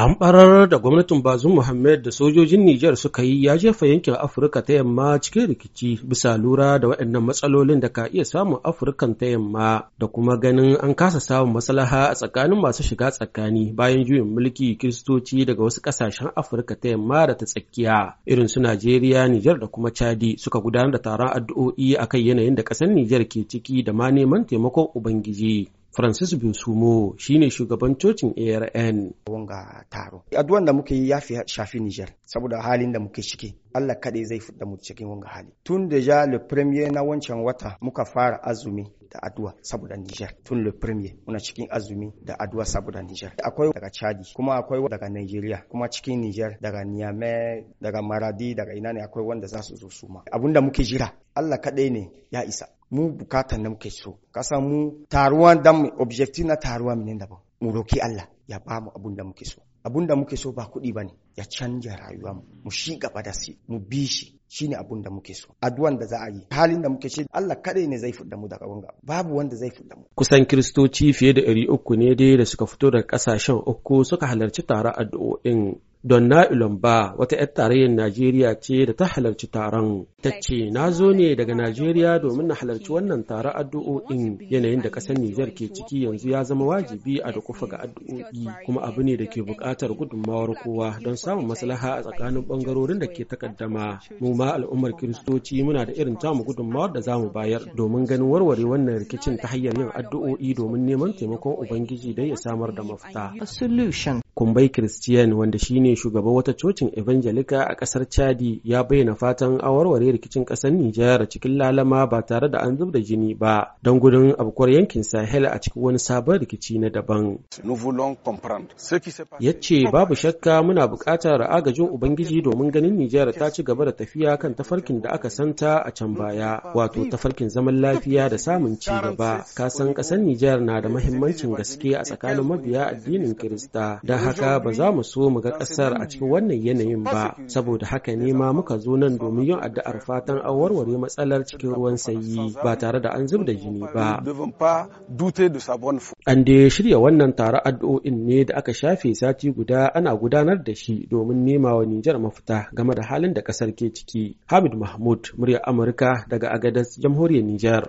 An Hamɓarar da gwamnatin Bazum Muhammad da sojojin Nijar suka yi ya jefa yankin Afirka ta yamma cikin rikici bisa lura da waɗannan matsalolin da ka iya samun Afirkan ta yamma da kuma ganin an kasa samun maslaha a tsakanin masu shiga tsakani bayan juyin mulki Kiristoci daga wasu ƙasashen Afirka ta yamma da ta tsakiya irin su Najeriya, Nijar da kuma Chadi suka gudanar da taron addu'o'i akan yanayin da ƙasar Nijar ke ciki da ma neman taimakon Ubangiji. Francis Binsumo shine shugaban cocin ARN. Wanga taro. Addu'an da muke yi ya fi shafi Niger saboda halin da muke ciki. Allah kaɗai zai fidda mu cikin wanga hali. Tun da ja le premier na wancan wata muka fara azumi da addu'a saboda Niger. Tun le premier muna cikin azumi da addu'a saboda Niger. Akwai daga Chadi kuma akwai daga Nigeria kuma cikin Niger daga Niamey daga Maradi daga ina ne akwai wanda za su zo su ma. Abinda muke jira Allah kaɗai ne ya isa. mu bukatan da muke so kasa mu taruwan dan mu objective na taruwan ne daban mu roki Allah ya ba mu abun da muke so abun da muke so ba kuɗi bane ya canja rayuwa mu mu shi gaba da shi mu bi shi shine abun da muke so addu'an da za a yi halin da muke ce Allah kaɗai ne zai fudda mu daga wanga babu wanda zai fudda mu kusan kristoci fiye da 300 ne dai da suka fito daga kasashen uku suka halarci taron addu'o'in don na'ilon ba wata 'yar tarayyar Najeriya ce da ta halarci taron. Ta ce, na zo ne daga Najeriya domin na halarci wannan taron addu'o'in yanayin da ƙasar Nijar ke ciki yanzu ya zama wajibi a da kufa ga addu'o'i kuma abu ne da ke buƙatar gudunmawar kowa don samun maslaha a tsakanin ɓangarorin da ke takaddama. Mu ma al'ummar Kiristoci muna da irin tamu gudunmawar da zamu bayar domin ganin warware wannan rikicin ta hanyar yin addu'o'i domin neman taimakon Ubangiji don ya samar da mafita. Kumbai Christian wanda shine shugaban wata cocin Evangelika a ƙasar Chadi ya bayyana fatan a warware rikicin ƙasar Nijar cikin lalama ba tare da an zub da jini ba don gudun abkuwar yankin Sahel a cikin wani sabon rikici na daban. Ya ce babu shakka muna buƙatar agajin Ubangiji domin ganin Nijar ta ci gaba da tafiya kan tafarkin da aka santa a can baya wato tafarkin zaman lafiya da samun ci gaba. Kasan ƙasar Nijar na da mahimmancin gaske a tsakanin mabiya addinin Kirista. Da haka ba za mu so mu ga ƙasar a cikin wannan yanayin ba saboda haka ne ma muka zo nan domin yin addu'ar fatan an warware matsalar cikin ruwan sanyi ba tare da an zub da jini ba an da shirya wannan tare addu'o'in ne da aka shafe sati guda ana gudanar da shi domin nema wa Nijar mafita game da halin da ƙasar ke ciki Hamid Mahmud muryar Amurka daga Agadez jamhuriyar Nijar